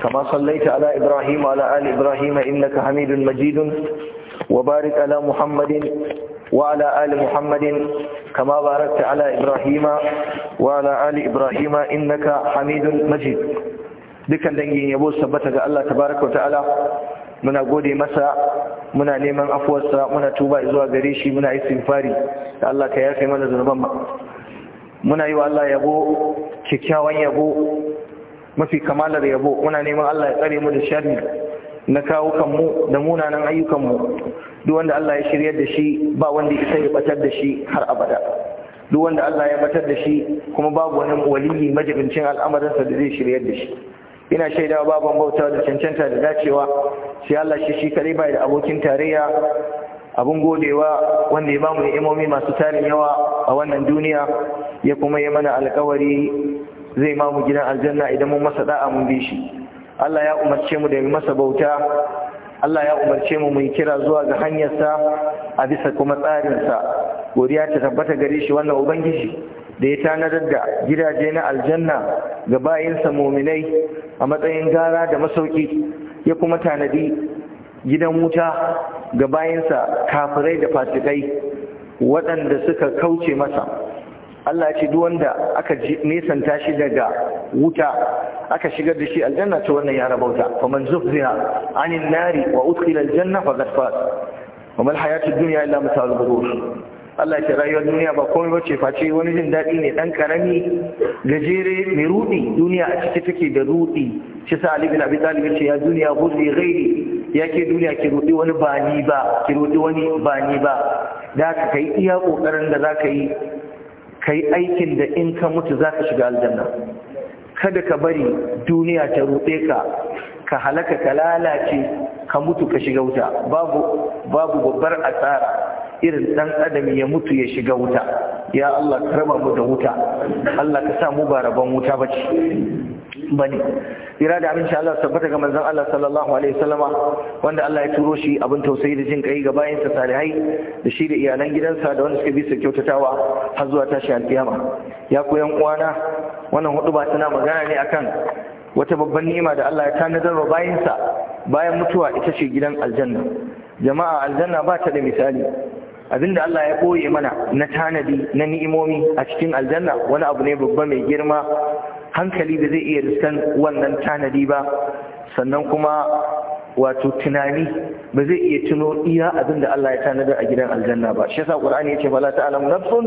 كما صليت على إبراهيم وعلى آل إبراهيم إنك حميد مجيد وبارك على محمد وعلى آل محمد كما باركت على إبراهيم وعلى آل إبراهيم إنك حميد مجيد dukkan dangin yabo sabbata ga Allah tabaraka wa ta'ala muna gode masa muna neman afuwarsa muna tuba zuwa gare shi muna istighfari da Allah ka yafe mana zunuban muna yi wa Allah yabo kikkiawan yabo mafi kamalar yabo muna neman Allah ya tsare mu da sharri na kawo kanmu da munanan ayyukanmu duk wanda Allah ya shiryar da shi ba wanda isa ya batar da shi har abada duk wanda Allah ya batar da shi kuma babu wani waliyi majibincin al'amarinsa da zai shiryar da shi ina shaidawa baban bauta da cancanta da dacewa sai Allah shi shi kare bai da abokin tarayya abun godewa wanda ya bamu ni'imomi masu tarin yawa a wannan duniya ya kuma yi mana alƙawari. zai ma mu gidan aljanna idan mun masa da'a mun bi shi Allah ya umarce mu da mu masa bauta Allah ya umarce mu mu kira zuwa ga hanyarsa a bisa kuma tsarinsa godiya ta tabbata gare shi wannan ubangiji da ya tanadar da gidaje na aljanna ga bayinsa muminai a matsayin gara da masauki ya kuma tanadi gidan wuta ga bayinsa kafirai da fasikai waɗanda suka kauce masa Allah ya ce duk wanda aka nesanta shi daga wuta aka shigar da shi aljanna to wannan ya rabauta man zufziha anin nari wa udkhila aljanna faqad faz mal hayatud dunya illa mata'ul ghurur Allah ya rayuwar duniya ba komai bace face wani jin daɗi ne dan karami gajere mai rudi duniya a ciki take da rudi shi sa Ali bin Abi Talib ya ce ya duniya hudi ghairi yake duniya ki rudi wani ba ni ba ki rudi wani ba ni ba da ka kai iya kokarin da zaka yi ka aikin da in ka mutu za ka shiga aljanna kada ka bari duniya ta ruɗe ka ka halaka ka lalace ka mutu ka shiga wuta babu babbar asara irin dan adam ya mutu ya shiga wuta ya Allah ka raba mu da wuta Allah ka sa mu ba rabon wuta bace bane ira da abin Allah tabbata ga manzon Allah sallallahu alaihi wasallama wanda Allah ya turo shi abin tausayi da jin kai ga bayansa salihai da shi da iyalan gidansa da wanda suka bi su kyautatawa har zuwa tashi alkiyama ya koyan uwana wannan hudu ba tana magana ne akan wata babban ni'ima da Allah ya tanadar wa bayansa bayan mutuwa ita ce gidan aljanna jama'a aljanna ba ta da misali abinda Allah ya koye mana na tanadi na ni'imomi a cikin aljanna wani abu ne babba mai girma hankali da zai iya riskan wannan tanadi ba sannan kuma wato tunani ba zai iya tuno iya abin da Allah ya tanada a gidan aljanna ba shi yasa qur'ani yace fala ta'lamu nafsun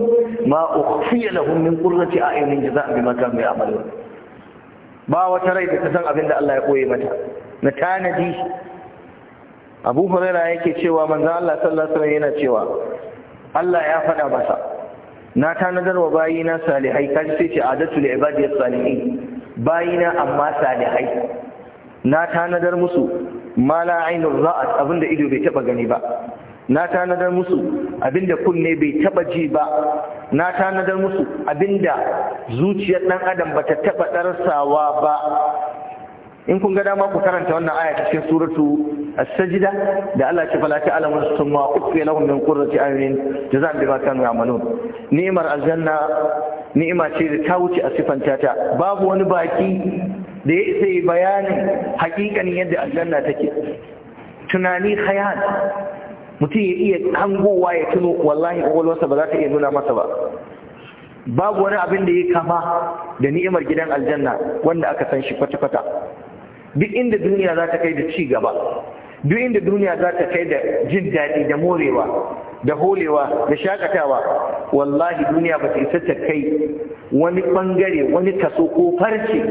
ma ukhfiya lahum min qurrati a'yunin jaza'an bima kanu ya'malun ba wata rai da ta san abin da Allah ya koye mata na tanadi Abu Hurairah yake cewa manzon Allah sallallahu alaihi wasallam yana cewa Allah ya faɗa masa na tanadar wa bayina salihai kaji sai ce adatu li ibadi salihin bayina amma salihai na tanadar musu ma la ainu ra'at abinda ido bai taba gani ba na tanadar musu abinda kunne bai taba ji ba na tanadar musu abinda zuciyar dan adam bata taba darsawa ba in kun ga dama ku karanta wannan aya cikin suratu as-sajda da Allah ya fala ta alamun summa uqi lahum min qurrati ayunin jazaan bima kanu ya'malun ni'mar aljanna ni'ima ce da ta wuce a sifanta ta babu wani baki da ya isa yi bayanin hakikanin yadda aljanna take tunani khayal mutum ya iya hangowa ya tuno wallahi kwakwalwarsa ba za ta iya nuna masa ba babu wani abin da ya kama da ni'imar gidan aljanna wanda aka san shi kwata-kwata duk inda duniya za ta kai da ci gaba duk inda duniya za ta kai da jin daɗi da morewa da holewa da shakatawa wallahi duniya ba ta isa ta kai wani ɓangare, wani kaso ko farce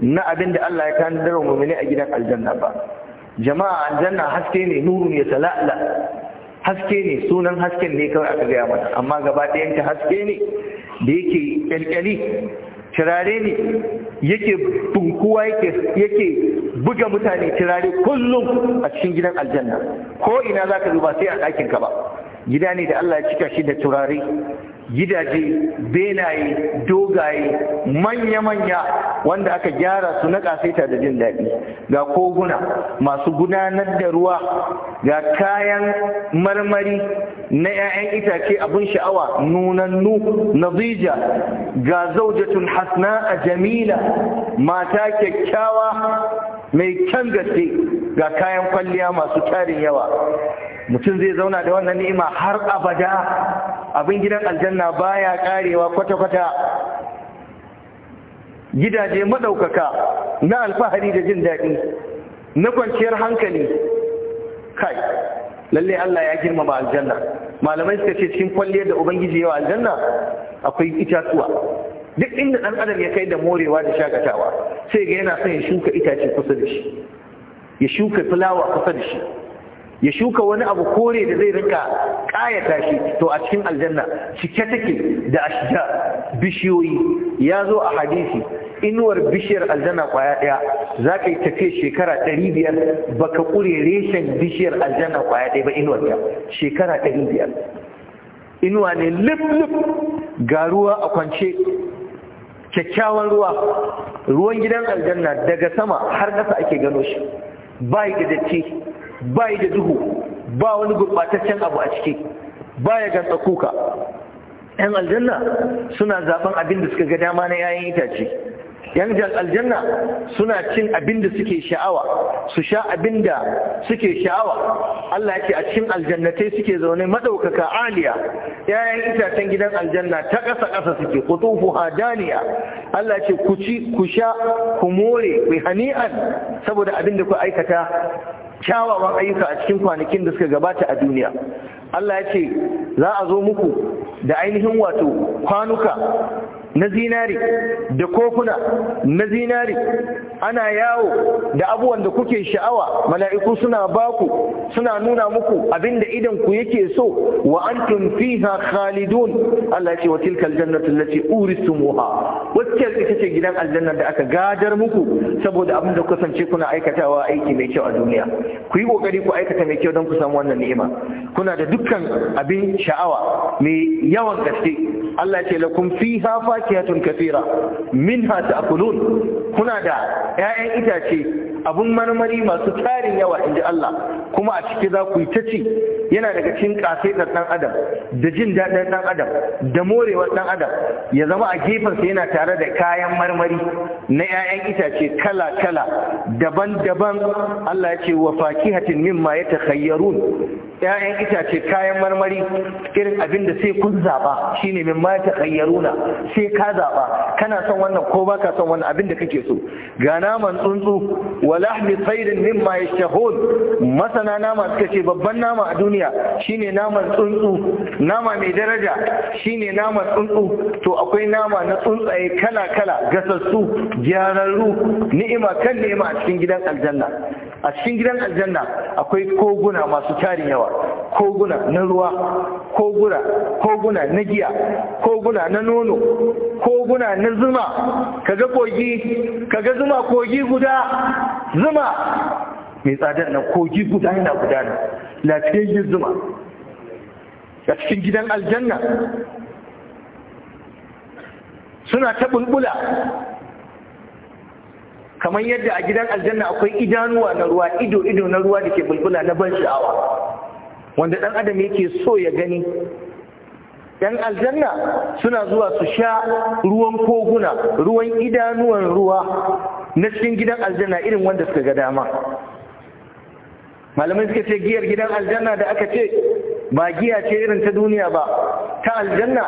na abin da Allah ya tanadar wa mummune a gidan aljanna ba jama'a aljanna haske ne nuru ne tala'la haske ne sunan hasken ne kawai aka gaya mana amma gaba ɗayan ta haske ne da yake kyalkyali Tirare ne yake bunkuwa yake buga mutane tirare kullum a cikin gidan aljanna ko ina za ka zuba sai a ɗakinka ba gida ne da Allah ya cika shi da turare gidaje benaye dogaye manya-manya wanda aka gyara su na kasaita da jin daɗi ga koguna masu gudanar da ruwa ga kayan marmari na 'ya'yan itace abin sha'awa nunannu nazija ga zaujatun hasna a jamila mata kyakkyawa mai kyan gaske ga kayan kwalliya masu tarin yawa mutum zai zauna da wannan ni'ima har abada abin gidan aljanna baya karewa kwata-kwata gidaje madaukaka na alfahari da jin daɗi na kwanciyar hankali kai lalle Allah ya girmama aljanna malamai suka ce cikin kwalliyar da ubangiji yawa aljanna akwai itatuwa duk inda ɗan adam ya kai da morewa da shakatawa sai ga yana son ya shuka itace kusa da shi ya shuka fulawa kusa da shi ya shuka wani abu kore da zai rinka kayata shi to a cikin aljanna cike take da ashja bishiyoyi ya zo a hadisi inuwar bishiyar aljanna kwaya ɗaya, za ka yi tafiya shekara 500 ka ƙure reshen bishiyar aljanna kwaya daya ba inuwar ta shekara 500 inuwa ne lif lif ga ruwa a kwance kyakkyawan ruwa ruwan gidan aljanna daga sama har ƙasa ake gano shi bai da datti ba yi da duhu ba wani gurbataccen abu a ciki ba ya gantsa kuka yan aljanna suna zaben abin da suka ga dama na 'ya'yan itace yan aljanna suna cin abin da suke sha'awa su sha abin da suke sha'awa Allah ya ce a cikin aljannatai suke zaune madaukaka aliya yayan itacen gidan aljanna ta ƙasa ƙasa suke qutufu hadaniya Allah ya ce ku ci ku sha ku more ku hani'an saboda abin da ku aikata kyawawan ayyuka a cikin kwanakin da suka gabata a duniya Allah ya ce za a zo muku da ainihin wato kwanuka na zinari da kofuna na zinari ana yawo da abubuwan da kuke sha'awa mala'iku suna baku suna nuna muku abinda idan ku yake so wa antum fiha khalidun Allah ya ce wa tilkal jannatu allati urisumuha wacce ita ce gidan aljanna da aka gadar muku saboda abin da kasance kuna aikatawa aiki mai kyau a duniya ku yi kokari ku aikata mai kyau don ku samu wannan ni'ima kuna da dukkan abin sha'awa mai yawan gaske Allah ya ce lakum fiha fakihatun kathira minha ta'kulun kuna da 'ya'yan itace abun marmari masu tarin yawa in ji Allah kuma a ciki za ku yi ta ci yana daga cikin da ɗan adam da jin daɗin ɗan adam da morewar ɗan adam ya zama a gefensa yana tare da kayan marmari na 'ya'yan itace kala-kala daban-daban Allah ya ce wa fakihatin mimma ya takhayyarun 'ya'yan itace kayan marmari irin abin da sai kun zaɓa shi min mimma ya takhayyaruna sai ka zaɓa kana son wannan ko ba ka son wannan abin da kake so ga naman tsuntsu wa lahmi tsairin mimma yashtahun masana nama suka ce babban nama a duniya shine nama tsuntsu nama mai daraja shine naman tsuntsu to akwai nama na tsuntsaye kala kala gasassu gyararru ni'ima kan ni'ima a cikin gidan aljanna a cikin gidan aljanna akwai koguna masu tarin yawa koguna na ruwa koguna koguna na giya koguna na nono koguna na zuma kaga kogi kaga zuma kogi guda zuma mai tsadar na kogi guda yana gudana lafiyayyen zuma a cikin gidan aljanna suna ta bulbula kamar yadda a gidan aljanna akwai idanuwa na ruwa ido ido na ruwa da ke bulbula na ban sha'awa wanda dan adam yake so ya gani yan aljanna suna zuwa su sha ruwan koguna ruwan idanuwan ruwa na cikin gidan aljanna irin wanda suka ga dama malamai suka ce giyar gidan aljanna da aka ce ba giya ce irin ta duniya ba ta aljanna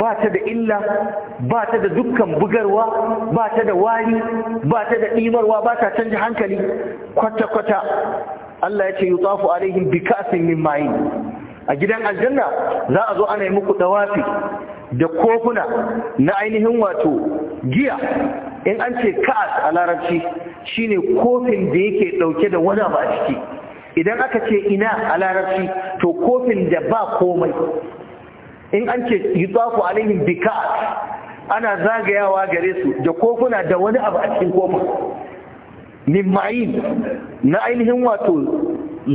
ba ta da illa ba ta da dukkan bugarwa ba ta da wari ba ta da ɗimarwa ba ta canji hankali kwata-kwata Allah ya ce yi tsafu alaihim bi ka'asin min mai. a gidan aljanna za a zo ana yi muku dawafi da kofuna na ainihin wato giya in an ce ka'as a larabci shine kofin da yake dauke da wani ba a ciki idan aka ce ina a larabci to kofin da ba komai in an ce yutsafu alaihim bika ana zagayawa gare su da kofuna da wani abu a cikin kofa min ma'in na ainihin wato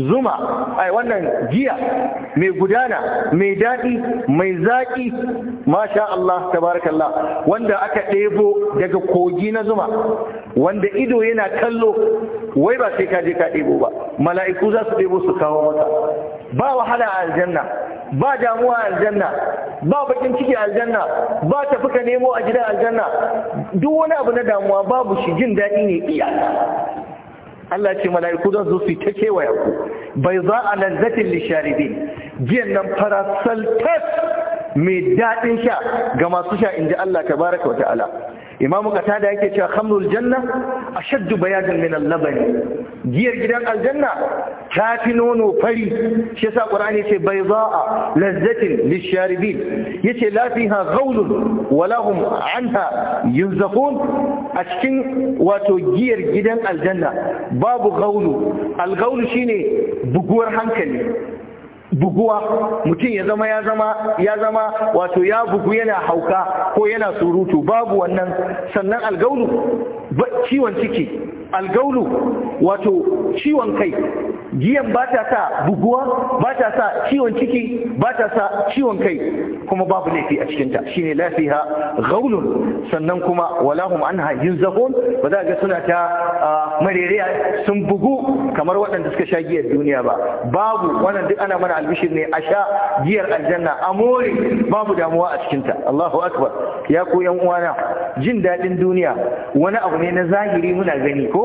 zuma ai wannan giya mai gudana mai daɗi mai zaƙi masha Allah tabarakallah wanda aka ɗebo daga kogi na zuma wanda ido yana kallo wai ba sai ka je ka ɗebo ba mala'iku za su ɗebo su kawo maka ba wahala a aljanna ba damuwa a aljanna ba bakin ciki a aljanna ba tafi ka nemo a gidan aljanna duk wani abu na damuwa babu shi jin daɗi ne iya Allah ce mala'iku zan zo su ta kewaya ku bai za a nan zatin lisharibin jiyan nan farasal tas mai daɗin sha ga masu sha inji Allah tabaraka wa ta'ala imamu qatada yake cewa khamrul janna ashaddu bayadan min al-labani giyar gidan aljanna ta fi nono fari shi yasa qur'ani yace bayda'a lazzatin lisharibin yace la fiha ghawlun wala hum anha yunzafun a cikin wato giyar gidan aljanna babu ghawlu al-ghawlu shine buguwar hankali buguwa mutum ya zama ya zama ya zama wato ya bugu yana hauka ko yana surutu babu wannan sannan algaulu ciwon ciki algaulu wato ciwon kai giyan ba ta sa buguwa ba ta sa ciwon ciki ba ta sa ciwon kai kuma babu laifi a cikinta shine lafiya gaulun sannan kuma walahum anha yunzaqun ba za ga suna ta marereya sun bugu kamar waɗanda suka sha giyar duniya ba babu wannan duk ana mana albishir ne a sha giyar aljanna a babu damuwa a cikinta Allahu akbar ya ku yan uwana jin daɗin duniya wani abu ne na zahiri muna gani ko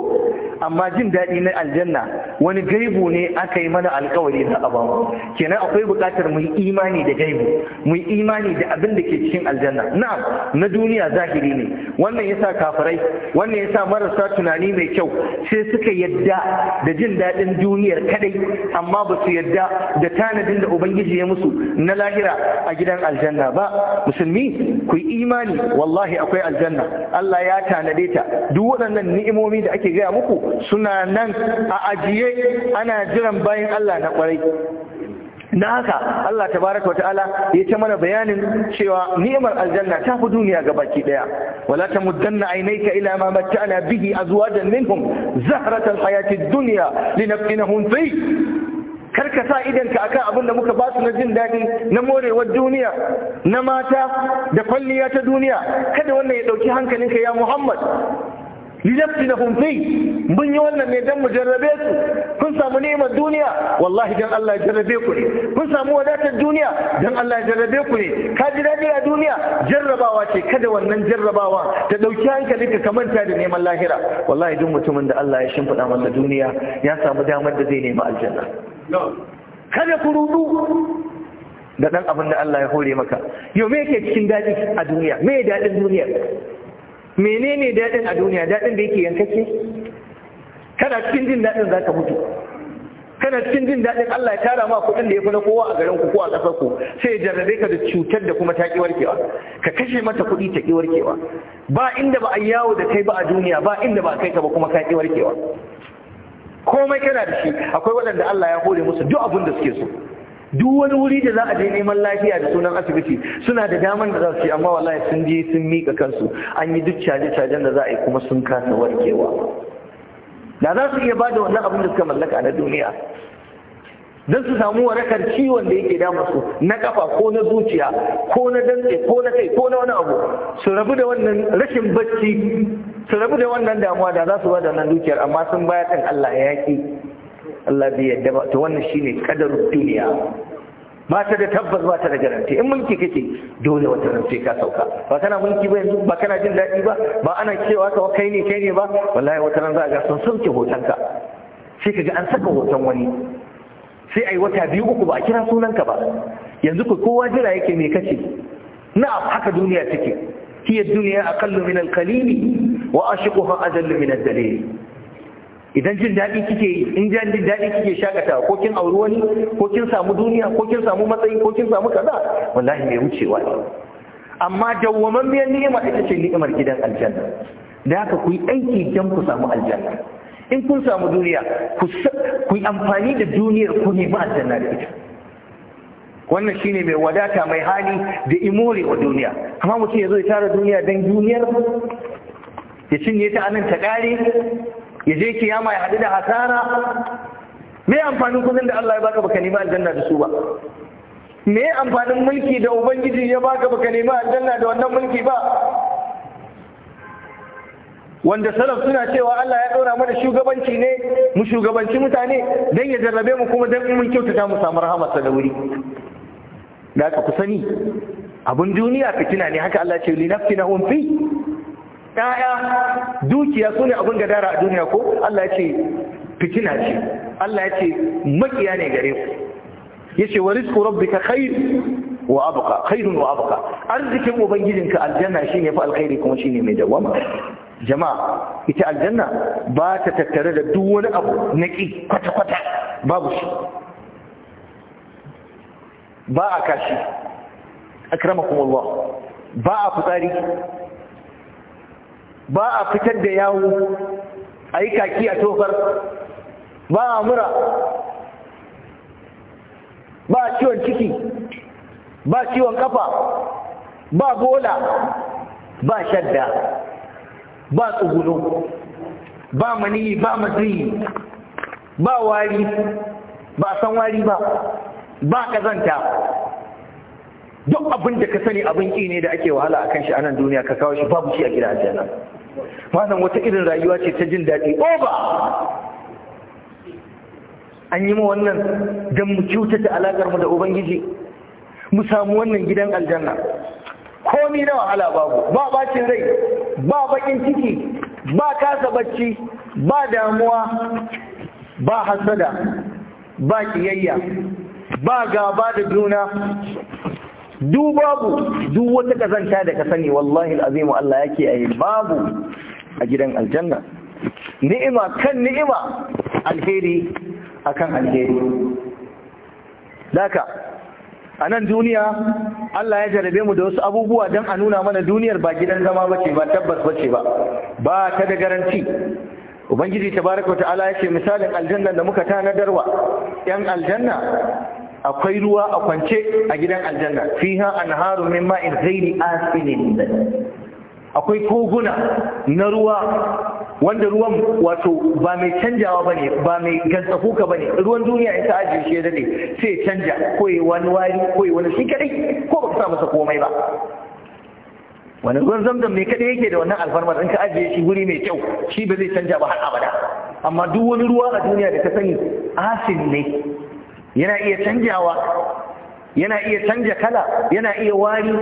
amma jin daɗi na aljanna wani gaibu ne aka yi mana alkawari za a bamu kenan akwai buƙatar mu imani da gaibu mu imani da abin da ke cikin aljanna Na, na duniya zahiri ne wannan yasa kafirai wannan yasa marasa tunani mai kyau sai suka yadda da jin daɗin duniyar kadai amma ba su yadda da tanadin da ubangiji ya musu na lahira a gidan aljanna ba musulmi ku yi imani wallahi akwai aljanna Allah ya tanade ta duk waɗannan ni'imomi da ake gaya muku suna nan a ajiye ana jiran bayan Allah na kwarai na haka Allah tabaraka wa ta'ala ya ta mana bayanin cewa ni'imar aljanna ta fi duniya ga baki daya wala tamuddanna ainaika ila ma matta'na bihi azwajan minhum zahratal hayatid dunya linaftinahum fi karka sa idanka akan abin da muka basu na jin daɗi na morewar duniya na mata da kwalliya ta duniya kada wannan ya ɗauki hankalinka ya Muhammad linafsi na hunfi mun yi wannan ne don mu jarrabe su kun samu neman duniya wallahi don Allah ya jarrabe ku ne kun samu wadatar duniya don Allah ya jarrabe ku ne ka ji daɗi a duniya jarrabawa ce kada wannan jarrabawa ta ɗauki hankali ka kamanta da neman lahira wallahi duk mutumin da Allah ya shimfiɗa masa duniya ya samu damar da zai nemi aljanna kada ku rudu da ɗan abin da Allah ya hore maka yau me yake cikin daɗi a duniya me daɗin duniya menene daɗin a duniya daɗin da yake yankake kana cikin jin daɗin za ka mutu kana cikin jin daɗin Allah ya tara ma kuɗin da ya fi na kowa a garin ku ko a ƙasar ku sai ya jarrabe ka da cutar da kuma ta ƙi warkewa ka kashe mata kuɗi ta ƙi warkewa ba inda ba a yawo da kai ba a duniya ba inda ba a kai ka ba kuma ka ƙi warkewa komai kana da shi akwai waɗanda Allah ya hore musu duk abin da suke so duk wani wuri da za a je neman lafiya da sunan asibiti suna da daman da za su yi amma wallahi sun je sun miƙa kansu an yi duk caje-cajen da za a yi kuma sun kasa warkewa da za su iya bada wannan abin da suka mallaka na duniya don su samu warakar ciwon da yake dama su na kafa ko na zuciya ko na dantse ko na kai ko na wani abu su rabu da wannan rashin bacci su rabu da wannan damuwa da za su bada wannan dukiyar amma sun bayar dan Allah ya yaƙi Allah bai yadda ba to wannan ne kadar duniya ba ta da tabbas ba ta da garanti in mulki kake dole wata ran sai ka sauka ba kana mulki ba yanzu ba kana jin daɗi ba ba ana cewa ka kai ne kai ne ba wallahi wata ran za a ga sun sauke hotonka sai ka ga an saka hoton wani sai ai wata biyu uku ba a kira sunanka ba yanzu ku kowa jira yake me kace na haka duniya take hiya duniya aqallu min al-qalili wa ashiquha ajallu min ad-dalil idan jin daɗi kike yi in jan jin daɗi kike shakata ko kin auri wani ko kin samu duniya ko kin samu matsayi ko kin samu kaza wallahi mai wucewa ne amma dawwamammiyar ni'ima ita ce ni'imar gidan aljanna da haka ku yi aiki don ku samu aljanna in kun samu duniya ku yi amfani da duniyar ku nemi aljanna da ita wannan shine mai wadata mai hali da imore wa duniya amma mutum ya zo ya tara duniya don duniyar ya cinye ta anan ta ƙare ya je kiyama ya haɗu da hasara me amfanin kudin da Allah ya baka baka nemi aljanna da su ba me amfanin mulki da ubangiji ya baka baka nemi aljanna da wannan mulki ba wanda salaf suna cewa Allah ya ɗora mana shugabanci ne mu shugabanci mutane don ya jarrabe mu kuma don mun kyautata mu samu rahamarsa da wuri da aka ku sani abin duniya fitina ne haka Allah ce li nafsi na fi ɗaya dukiya su ne abin gadara a duniya ko Allah ya ce fitina ce Allah ya ce makiya ne gare ku ya ce wa rizku rabbika khair wa abqa khairun wa abqa arzikin ubangijinka aljanna shine fa alkhairi kuma shine mai dawama jama'a ita aljanna ba ta tattare da duk wani abu na ƙi kwata-kwata babu shi ba a kashi akramakum Allah ba a fitsari ba a fitar da yawo a yi kaki a tofar ba a mura ba a ciwon ciki ba a ciwon kafa ba bola ba shadda ba tsugudu ba maniyi ba matsayi ba wari ba san wari ba ba kazanta duk abin da ka sani abin ƙi ne da ake wahala a kan shi a nan duniya ka kawo shi babu shi a gida aljanna malam wata irin rayuwa ce ta jin daɗi over an yi ma wannan don mu kyautata alaƙar mu da ubangiji mu samu wannan gidan aljanna komi na wahala babu ba bacin rai ba bakin ciki ba kasa bacci ba damuwa ba hasada ba kiyayya ba gaba da juna duk babu duk wata kazanta da ka sani wallahi al'azimu Allah yake ayi babu a gidan aljanna ni'ima kan ni'ima alheri akan alheri daka a nan duniya Allah ya jarabe mu da wasu abubuwa don a nuna mana duniyar ba gidan zama bace ba tabbas bace ba ba ta da garanti ubangiji tabaraka ta'ala ce misalin aljanna da muka tanadarwa yan aljanna akwai ruwa a kwance a gidan aljanna fiha anharu min ma'in ghairi asinin akwai koguna na ruwa wanda ruwan wato ba mai canjawa ba ne ba mai gantsakuka ba ne ruwan duniya ya ta ajiye shi ya daɗe sai canja ko ya wani wari ko ya wani shi kadai. ko ba sa masa komai ba wani ruwan zamzam ne kadai yake da wannan alfarmar in ka ajiye shi guri mai kyau shi ba zai canja ba har abada amma duk wani ruwa a duniya da ka sani asin ne yana iya canjawa yana iya canja kala yana iya wari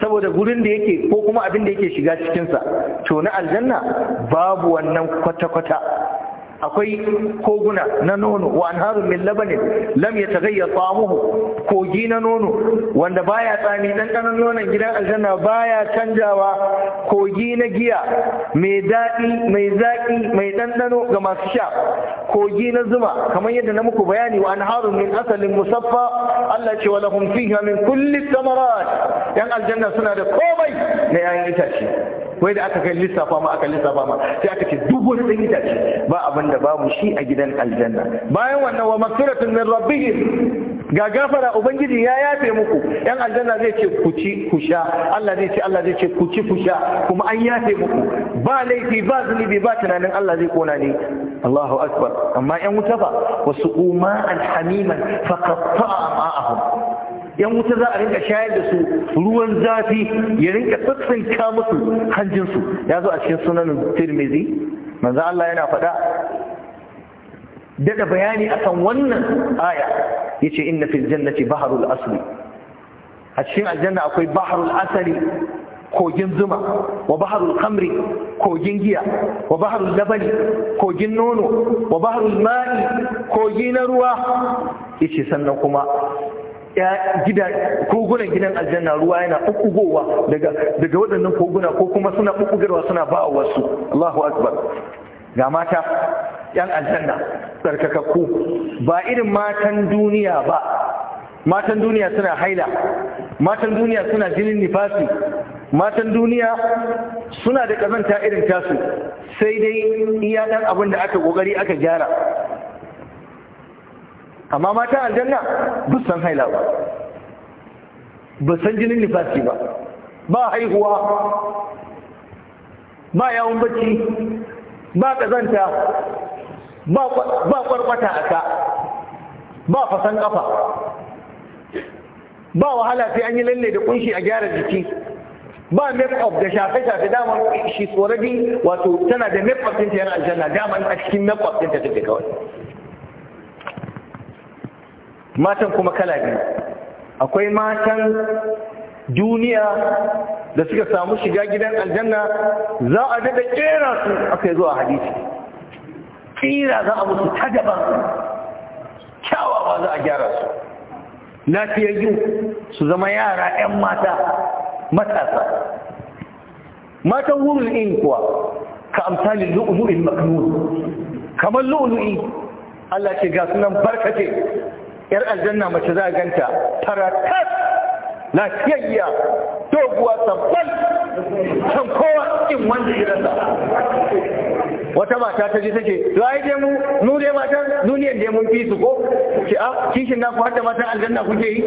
saboda gurin da yake ko kuma abin da yake shiga cikinsa to na aljanna babu wannan kwata-kwata akwai koguna na nono wa anharun min labanin lam yataghayyar ta'amuhu kogi na nono wanda baya tsami ɗanɗanon nonon gidan aljanna baya canjawa kogi na giya mai daɗi mai zaƙi mai ɗanɗano ga masu sha kogi na zuma kamar yadda na muku bayani wa anharun min asalin musaffa Allah ce wa lahum fiha min kulli thamarat yan aljanna suna da komai na 'ya'yan itace wai da aka kai lissafa ma aka lissafa ma sai aka ce duk wani dan itace ba abin da babu shi a gidan aljanna bayan wannan wa maghfiratun min rabbihim ga gafara ubangiji ya yafe muku yan aljanna zai ce ku ci ku sha Allah zai ce Allah zai ce ku ci ku sha kuma an yafe muku ba laifi ba zunubi ba tunanin Allah zai kona ne Allahu akbar amma yan wuta ba wasu umma alhamiman faqatta ma'ahum yan wuta za a rinka shayar da su ruwan zafi ya rinka tsatsinka musu hanjinsu ya zo a cikin sunanin tirmizi manzo Allah yana faɗa daga bayani akan wannan aya yace inna fil jannati baharul asli a cikin aljanna akwai baharul asali kogin zuma wa baharul khamri kogin giya wa baharul labani kogin nono wa baharul ma'i kogi na ruwa yace sannan kuma kogunan gidan aljanna ruwa yana ɓuɓɓugowa daga waɗannan koguna ko kuma suna ɓuɓɓugarwa suna ba wasu Allahu akbar ga mata yan aljanna tsarkakakku ba irin matan duniya ba matan duniya suna haila matan duniya suna jinin nifasi matan duniya suna da ƙazanta irin tasu sai dai iya ɗan abin da aka ƙoƙari aka gyara amma mata aljanna duk san haila ba ba san jinin nifasi ba ba haihuwa ba yawon bacci ba kazanta ba kwarkwata a ka ba fasan kafa ba wahala sai an yi lalle da kunshi a gyara jiki ba make da shafe-shafe dama shi tsoradi wato tana da make ɗinta yana aljanna dama a cikin make-up ɗinta take kawai matan kuma kala biyu akwai matan duniya da suka samu shiga gidan aljanna za a daga kera su aka yi zuwa hadisi kira za a musu ta daban kyawawa za a gyara su lafiyayyu su zama yara 'yan mata matasa matan wurin kuwa ka amsali lu'ulu'in maknun kamar lu'ulu'i Allah ce ga sunan barkace yar aljanna mace za a ganta faratas lafiyayya doguwa sabbal can kowa in wanda ya rasa wata mata ta ji take to ai dai mu mu dai mata duniyar dai mun fi su ko ki a ah, kishin na ku hadda mata aljanna kuke yi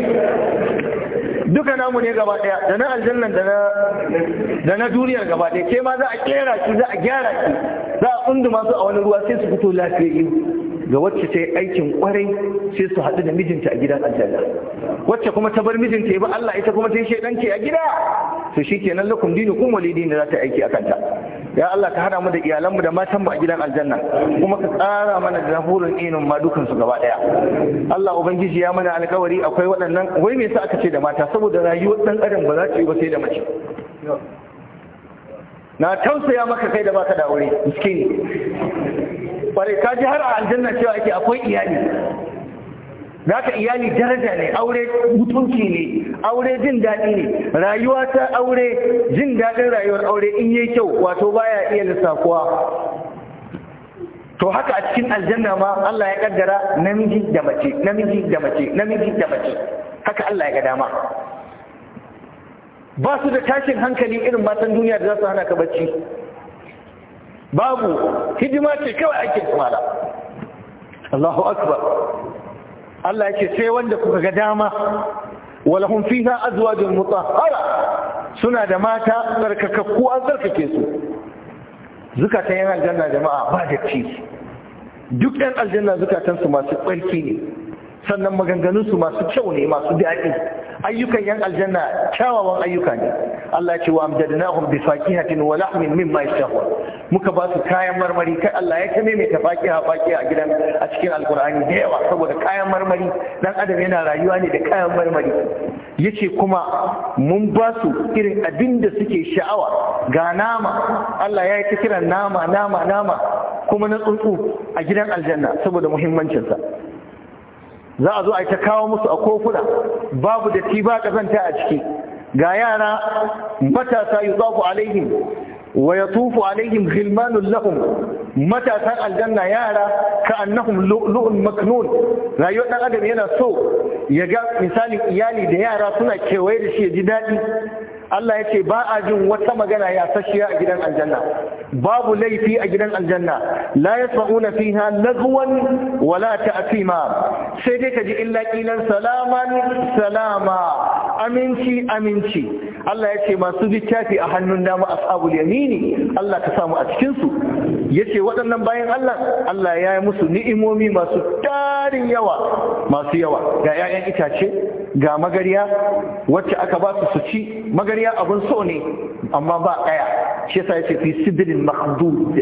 duka namu ne gaba daya da na aljannan da na da na duniyar gaba daya ke ma za a kera ki za a gyara ki za a tsunduma su a wani ruwa sai su fito lafiyayyu ga wacce ta yi aikin kwarai sai su haɗu da mijinta a gidan aljanna wacce kuma ta bar mijinta ya bi Allah ita kuma ta yi ke a gida to shi kenan lakum kuma walidin da za ta aiki a kanta ya Allah ka hada mu da iyalanmu da matan mu a gidan aljanna kuma ka tsara mana da hurun inin ma dukan su gaba daya Allah ubangiji ya mana alƙawari akwai waɗannan wai me yasa aka ce da mata saboda rayuwar dan adam ba za ta yi ba sai da mace na tausaya maka kai da baka da aure miskini bare ka ji har a aljanna cewa yake akwai iyali za ka iyali daraja ne aure mutunci ne aure jin daɗi ne rayuwa ta aure jin daɗin rayuwar aure in yi kyau wato baya iya lissafuwa to haka a cikin aljanna ma Allah ya kaddara namiji da mace namiji da mace namiji da mace haka Allah ya ga dama ba su da tashin hankali irin matan duniya da za su hana ka bacci babu hidima ce kawai ake kumala Allahu akbar Allah yake sai wanda kuka ga dama walahum fiha azwajun mutahhara suna da mata tsarkakakku an tsarkake su zukatan yan aljanna jama'a ba da ci duk yan aljanna zukatan su masu tsarki ne sannan maganganun su masu kyau ne masu daɗi ayyukan yan aljanna kyawawan ayyuka ne Allah ce wa amjadnahum bi fakihatin wa lahmin mimma yashtahun muka ba su kayan marmari kai Allah ya kame mai tafaqiha faqiha a gidan a cikin alqur'ani da yawa saboda kayan marmari dan adam yana rayuwa ne da kayan marmari yace kuma mun ba su irin abinda suke sha'awa ga nama Allah ya yi ta kiran nama nama nama kuma na tsuntsu a gidan aljanna saboda muhimmancinsa za a zo a ta kawo musu a kofuna babu da ba kazanta a ciki ga yara matasa yi a alaihim wa a alaihim hilmanun lahun matasan aljanna yara ka annahum lu'un maknun rayuwar dan adam yana so ya ga misalin iyali da yara suna kewaye da shi ya ji daɗi Allah ya ce ba a jin wata magana ya sashiya a gidan aljanna babu laifi a gidan aljanna la yasma'una fiha lagwan wala ta'tima sai dai ji illa qilan salaman salama aminci aminci Allah ya ce masu littafi a hannun dama ashabul yamini Allah ka samu a cikin su yace waɗannan bayan Allah Allah ya yi musu ni'imomi masu tarin yawa masu yawa ga 'ya'yan itace ga magariya wacce aka ba su su ci magariya duniya abun so ne amma ba kaya shi yasa yace fi sidrin mahdud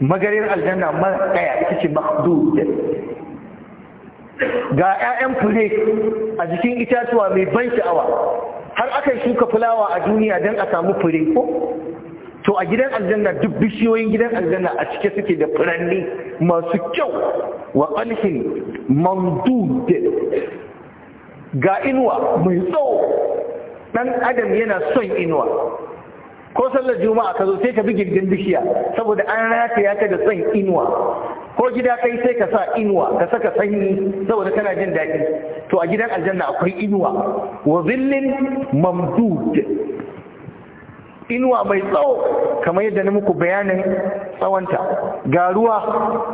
magarin aljanna ma kaya ita ce mahdud ga 'ya'yan fure a jikin itatuwa mai ban sha'awa har aka shuka fulawa a duniya don a samu fure ko to a gidan aljanna duk bishiyoyin gidan aljanna a cike suke da furanni masu kyau wa ƙalhin mamdud ga inuwa mai tsawo dan adam yana son inuwa ko sallar juma'a ka zo sai ka bi girgin bishiya saboda an rataya ka da son inuwa ko gida kai sai ka sa inuwa ka saka sanyi saboda kana jin daɗi to a gidan aljanna akwai inuwa wa zillin mamdud inuwa mai tsawo kamar yadda na muku bayanin tsawonta ga ruwa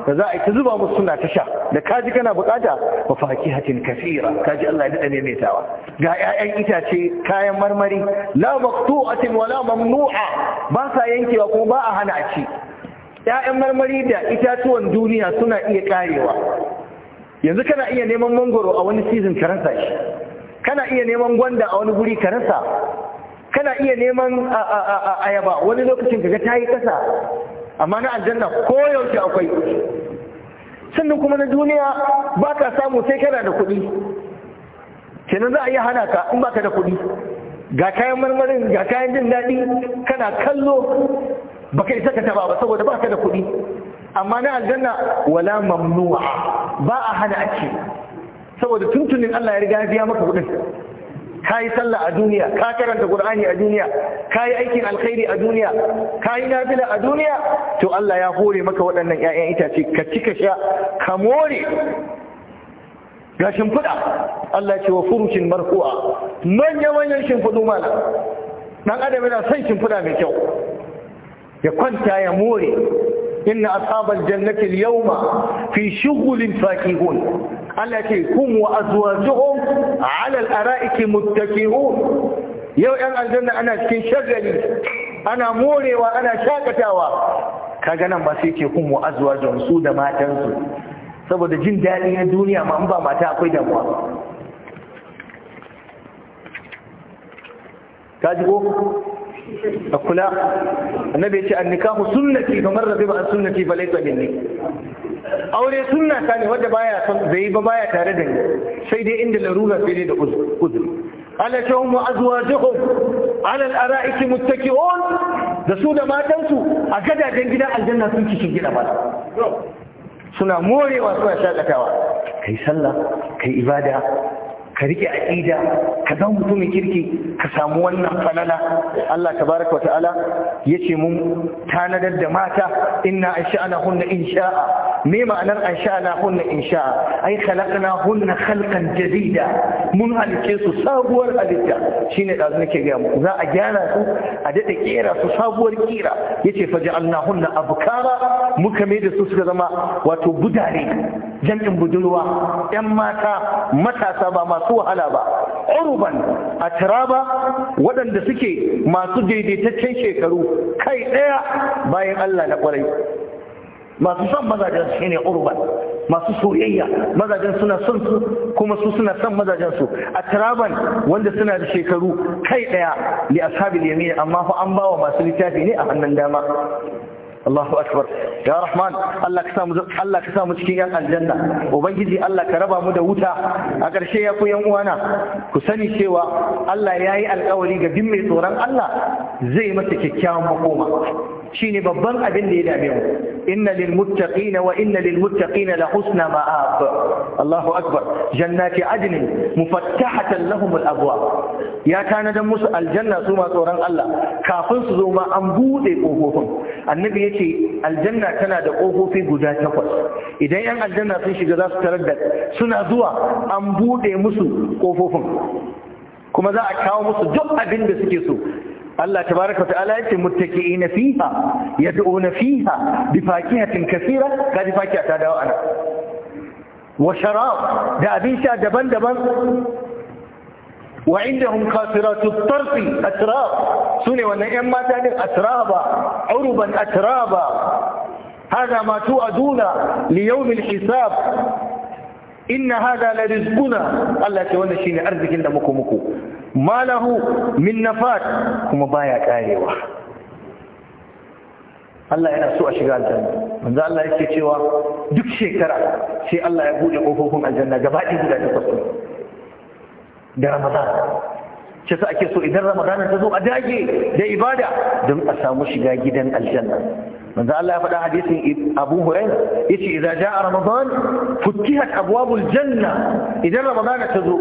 da za a yi ta zuba musu suna ta sha da kaji kana bukata wa fakihatin kasira kaji Allah ya dada maimaitawa ga 'ya'yan itace kayan marmari la maqtu'atin wala mamnu'a ba sa yankewa kuma ba a hana a ci 'ya'yan marmari da itatuwan duniya suna iya karewa yanzu kana iya neman mangoro a wani season ka rasa shi kana iya neman gwanda a wani guri ka rasa kana iya neman ayaba wani lokacin kaga ta yi kasa amma na aljanna ko akwai sannan kuma na duniya ba ka samu sai kana da kuɗi kenan za a iya hana ka in baka da kuɗi ga kayan marmarin ga kayan jin daɗi kana kallo baka isa ka taba ba saboda baka da kuɗi amma na aljanna wala mamnuwa ba a hana ake saboda tuntunin Allah ya riga ya biya maka kuɗin ka yi sallah a duniya ka karanta qur'ani a duniya ka yi aikin alkhairi a duniya ka yi nafila a duniya to Allah ya hore maka waɗannan 'ya'yan itace ka ci ka sha ka more ga shimfiɗa Allah ce wa furucin marfu'a manya-manyan shimfiɗu mana ɗan adam yana son shimfiɗa mai kyau ya kwanta ya more inna ashabal jannati al-yawma fi shugulin fakihun Allah ce kun wa azwajuhum ala al-ara'iki muttaki'un yau yan aljanna ana cikin shagali ana morewa ana shakatawa kaga nan ba sai ke kun wa azwajuhum su da matansu saboda jin daɗi na duniya ma in ba mata akwai damuwa ta ji ko a kula annabi ce an nikahu sunnati kamar rabi ba an sunnati ba laisa minni aure sunna ta ne wanda baya son bai ba baya tare da ni sai dai inda larura sai dai da uzuri ala shahum wa azwajuhum ala al-ara'iki muttaki'un da su da matansu a gadajen gidan aljanna sun cikin gida ba suna morewa suna shakatawa kai sallah kai ibada ka rike ƙida, ka zama mutumin kirki ka samu wannan falala Allah tabaraka wataala ce mun tanadar da mata inna in insha'a me ma'anar an in insha'a ai hunna khalqan jadida mun halice su sabuwar halitta shine da nake ga mu. za a gyara su a dade kera su sabuwar kira yace faj'alnahunna abkara muka mai da su suka zama wato budare jam'in budurwa yan mata matasa ba ma masu wahala ba urban Taraba waɗanda suke masu daidaitaccen shekaru kai ɗaya bayan Allah na ƙwarai masu son mazajen shi ne urban masu soyayya mazajen suna son su kuma su suna son mazajen su a taraban wanda suna da shekaru kai ɗaya li ashabil yamin amma fa an bawa masu littafi ne a hannun dama Allahu akbar ya rahman Allah ka samu الله كسا مو cikin yan aljanna ubangiji Allah ka raba mu da wuta a ƙarshe ya ku yan uwana ku sani cewa Allah yayi alƙawari ga bin mai tsoron Allah zai mata kyakkyawan makoma shine babban abin da ya dame mu inna lil muttaqina wa inna lil muttaqina la husna ma'ab Allahu akbar jannati adnin mufattahatan lahum al abwab ya tanadan musu aljanna su ma tsoron Allah kafin su zo ma an bude kofofin annabi yace aljanna tana da kofofi guda takwas idan yan aljanna sun shiga za su tarar da suna zuwa an bude musu kofofin kuma za a kawo musu duk abin da suke so Allah tabaraka ta'ala yace muttaqiina fiha yad'una fiha bi fakihatin kaseera ga bi ta dawo ana wa sharab da abin sha daban-daban wa indahum qasiratu tarfi atrab sune wannan yan mata din atraba uruban atraba hada ma tu'aduna li yawm al-hisab inna hada la rizquna Allah ce wannan shine arzikin da muku muku malahu min nafat kuma baya karewa Allah yana so a shiga aljanna manzo Allah yake cewa duk shekara sai Allah ya bude kofofin aljanna gaba ɗaya ta takwas da Ramadan ce sa ake so idan Ramadan ta zo a dage da ibada don a samu shiga gidan aljanna manzo Allah ya faɗa hadisin Abu Hurairah yace idza ramadan futihat abwabul janna idan ramadan ta zo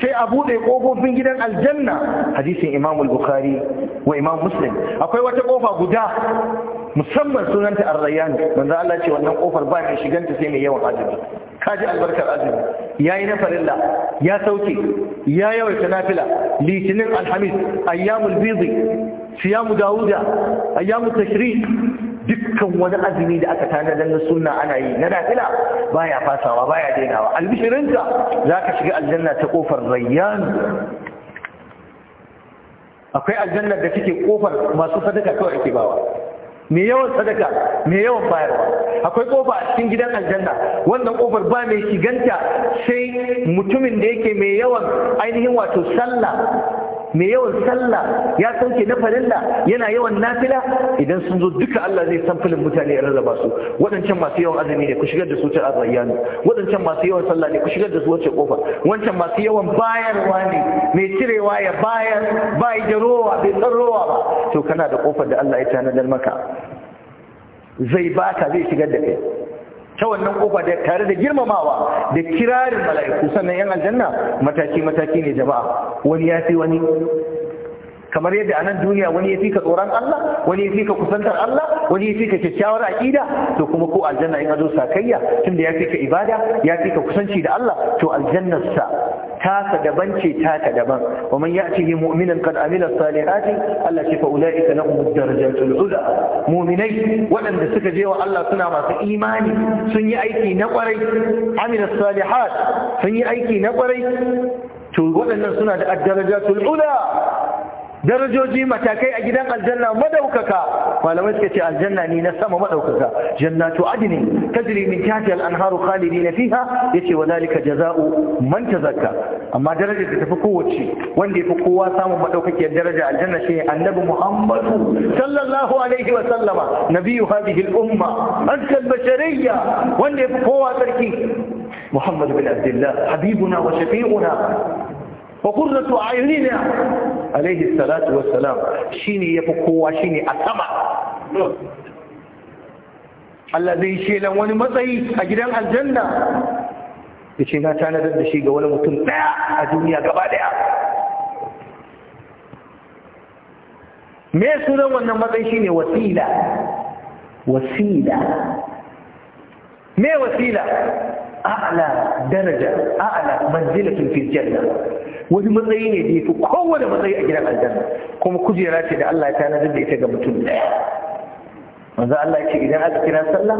sai a bude kofofin gidan aljanna hadisin Imam al-Bukhari wa Imam Muslim akwai wata kofa guda musamman sunanta ar-rayyan manzo Allah ce wannan kofar ba mai shiganta sai mai yawan azumi kaji albarkar azumi yayi na farilla ya sauke ya yawaita nafila litinin alhamis ayyamul bidhi siyamu dauda ayyamu tashrik dukkan wani azumi da aka tanadar na suna ana yi na nafila baya fasawa baya dainawa albishirinka zaka shiga aljanna ta kofar rayyan akwai aljannar da take kofar masu sadaka kawai ake bawa mai yawan sadaka mai yawan bayarwa akwai ƙofa a cikin gidan aljanna wannan kofar ba mai shiganta sai mutumin da yake mai yawan ainihin wato sallah mai yawan sallah ya sauke na farilla yana yawan nafila idan sun zo duka Allah zai san filin mutane ya rarraba su waɗancan masu yawan azumi ne ku shigar da su ta azayyan waɗancan masu yawan sallah ne ku shigar da su wacce kofa wancan masu yawan bayarwa ne mai cirewa ya bayar bai da rowa bai san rowa ba to kana da kofar da Allah ya tanadar maka zai baka zai shigar da kai ta wannan kofa da tare da girmamawa da kirarin mala'iku sannan yan aljanna mataki mataki ne jama'a wani ya fi wani kamar yadda anan duniya wani ya fi ka tsoron Allah wani ya fi ka kusantar Allah wani ya fi ka kyakkyawar aƙida to kuma ko aljanna in zo sakayya tunda ya fi ka ibada ya fi ka kusanci da Allah to sa. tasa daban ce taka daban wa man ya'tihi mu'minan qad amila salihati Allah ce fa ulaika lahum darajatul ula mu'minai waɗanda suka je wa Allah suna masu imani sun yi aiki na kwarai amila salihat sun yi aiki na kwarai to waɗannan suna da addarajatul ula darajoji matakai a gidan aljanna madaukaka malamai suka ce aljanna ne na sama madaukaka jannatu adni tajri min tahtiha al-anharu khalidina fiha yace wa zalika jazaa'u man tazakka amma darajar da tafi kowace wanda yafi kowa samun madaukakiyar daraja aljanna shine annabi Muhammad sallallahu alaihi wa sallama nabiyyu hadhihi al-umma azka al-bashariyya wanda yafi kowa sarki Muhammad bin Abdullah habibuna wa shafi'una wa qurratu a'yunina alaihi salatu wassalam shine yafi kowa shine a sama Allah zai shelan wani matsayi a gidan aljanna ya ce na tanadar da shi ga wani mutum daya a duniya gaba daya me sunan wannan matsayi shine wasila wasila me wasila a'la daraja a'la manzilatul fil janna wani matsayi ne da yafi kowane matsayi a gidan aljanna kuma kujera ce da Allah ya tanadar da ita ga mutum daya manzo Allah ya ce idan aka kira sallah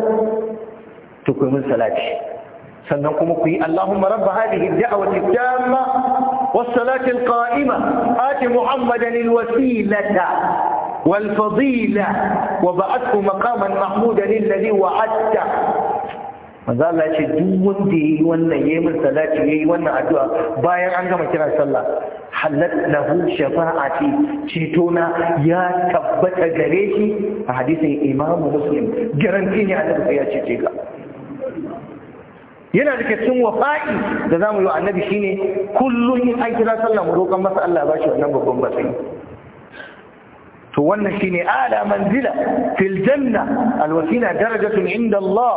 to ku mun salati sannan kuma ku yi Allahumma rabb hadhihi ad-da'wati at-tamma was-salati al-qa'ima ati Muhammadan al-wasilata والفضيلة وبعثه مقاما محمودا الذي وعدته manzo Allah ce duk wanda yayi wannan yayi min ya yi wannan addu'a bayan an gama kira sallah halat lahu shafa'ati ceto na ya tabbata gare shi a hadisin Imam Muslim garanti ne a daga ya cece ka yana da cikin wafa'i da zamu yi wa annabi shine kullum in an kira sallah mu roƙan masa Allah ya bashi wannan babban matsayi فوانا شيني اعلى منزلة في الجنة الوسيله درجة عند الله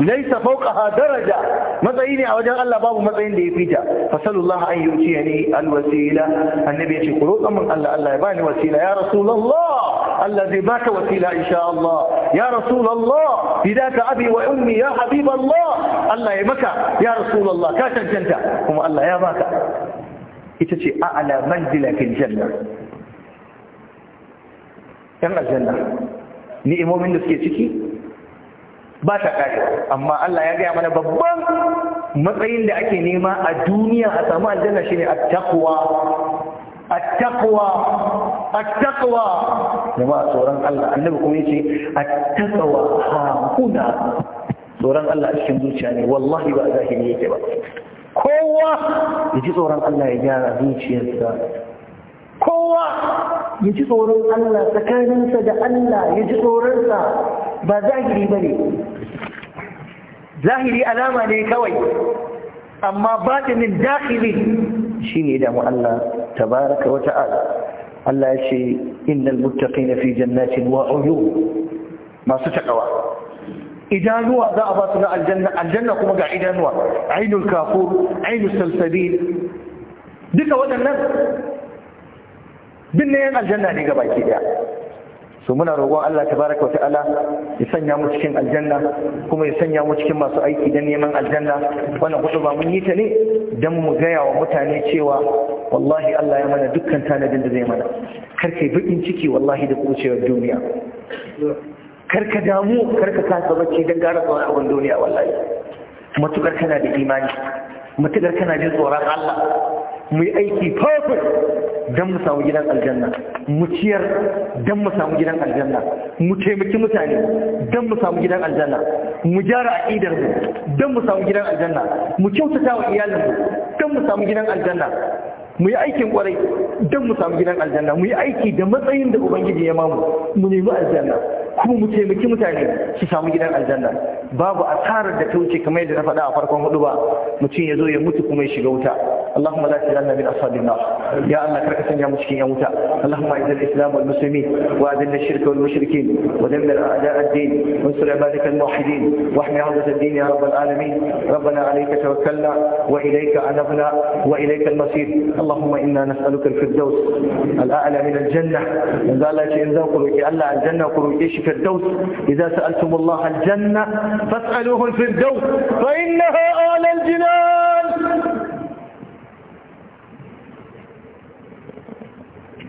ليس فوقها درجة ماذا يني عوجه قال الله بابه ماذا يني فيجا فسأل الله ان يؤتيني الوسيلة النبي يشي قلوط امن قال الله يباني وسيلة يا رسول الله الذي باك وسيلة ان شاء الله يا رسول الله بذاك ابي وامي يا حبيب الله الله يبكى يا رسول الله كاشا الجنه هم الله يا باكا يتشي اعلى منزلة في الجنة yan aljanna ni'imomin da suke ciki ba ta kare amma Allah ya gaya mana babban matsayin da ake nema a duniya a samu aljanna shi ne attaqwa attaqwa attaqwa jama'a tsoron Allah annabi kuma yace attaqwa ha kuna tsoron Allah a cikin zuciya ne wallahi ba zahiri yake ba kowa ya ji tsoron Allah ya gyara zuciyarsa kowa ya ji tsoron Allah tsakaninsa da Allah ya ji tsoronsa ba zahiri ba ne zahiri alama ne kawai amma batinin dakili shi ne damu Allah tabaraka wa ta'ala Allah ya ce innal muttaqina fi jannatin wa uyun masu takawa idanuwa za a ba su na aljanna aljanna kuma ga idanuwa ainul kafur ainul salsabil duka waɗannan duk ne aljanna ne ga baki daya so muna roƙon Allah wa Ta'ala ya sanya mu cikin aljanna kuma ya sanya mu cikin masu aiki don neman aljanna wannan kudu ba mun yi ta ne don mu gaya wa mutane cewa wallahi Allah ya mana dukkan tanadin da zai mana karka bakin ciki wallahi da kucewar duniya karka damu karka kasa bacci don gara tsoron abin duniya wallahi matukar kana da imani matukar kana jin tsoron Allah mu yi aiki farko don mu samu gidan aljanna mu ciyar don mu samu gidan aljanna mu taimaki mutane don mu samu gidan aljanna mu gyara aƙidar mu don mu samu gidan aljanna mu kyautata wa iyalin mu don mu samu gidan aljanna mu yi aikin kwarai don mu samu gidan aljanna mu yi aiki da matsayin da ubangiji ya mamu mu nemi aljanna kuma mu taimaki mutane su samu gidan aljanna babu asarar da ta wuce kamar yadda na faɗa a farkon hudu ba mutum ya zo ya mutu kuma ya shiga wuta اللهم لا تجعلنا من أصحاب النار يا الله كركسن يا مشكين يا متى اللهم أعز الإسلام والمسلمين وأذل الشرك والمشركين ودمر أعداء الدين وانصر عبادك الموحدين واحمي عودة الدين يا رب العالمين ربنا عليك توكلنا وإليك أنبنا وإليك المصير اللهم إنا نسألك الفردوس الأعلى من الجنة من قال لك إن ذوق ألا الجنة وقل إيش فردوس إذا سألتم الله الجنة فاسألوه الفردوس فإنها أعلى الجنان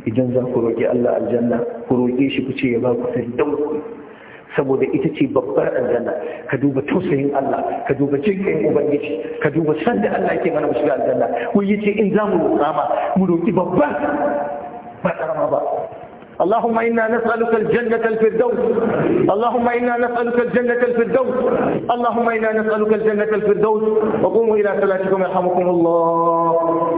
idan za ku roƙi Allah aljanna ku roƙe shi ku ce ya ba ku firdausi saboda ita ce babbar aljanna ka duba tausayin Allah ka duba jinkin ubangiji ka duba sanda Allah yake mana shiga aljanna ku yi ce in za mu roƙa mu roƙi babba ba karama ba اللهم إنا نسألك الجنة الفردوس اللهم إنا نسألك الجنة الفردوس اللهم إنا نسألك الجنة الفردوس وقوموا إلى صلاتكم يرحمكم الله